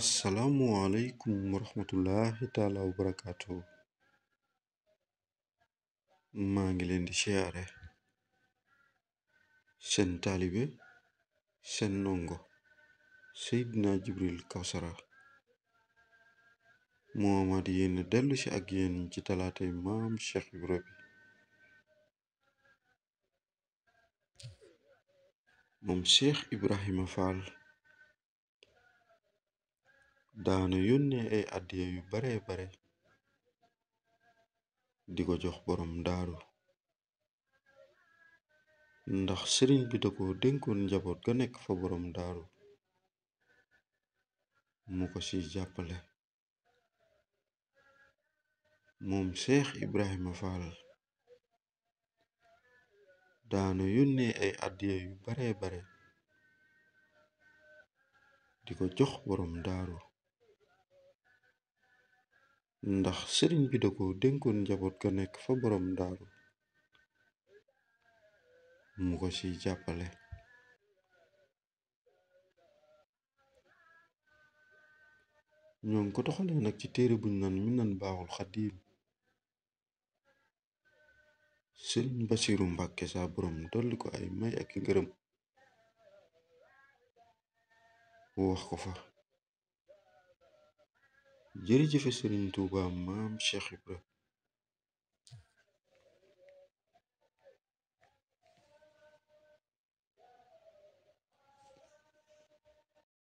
assalaamu alaykum waraxmatullahi taalaa wa barakaatu maa ngi leen di siyaare seen taalibe seen ndongo Seydina Jibril Kawsara moo amaat yéen dellu si ak yéen ci maam Cheikh Ibra bi daanu yónnee ay àddiya yu bare bare di ko jox boroom daaru ndax sëriñ bi ko dénkoon njaboot ga nekk fa boroom daaru mu ko ci jàppale moom seex ibrahima faal daanu yónnee ay àddiya yu bare bare di ko jox boroom daaru ndax sëriñ bi ko dénkoon njaboot ko nekk fa boroom daaru mu ko ci jàppale ñoo ngi ko doxalee nag ci téere buñ naan mi nan baaxul xadiim sëriñ basiru mbàkke saa boroom dolli ko ay may ak ngërëm wax ko fa jërëjëfe Serigne Touba maam Cheikh Ibra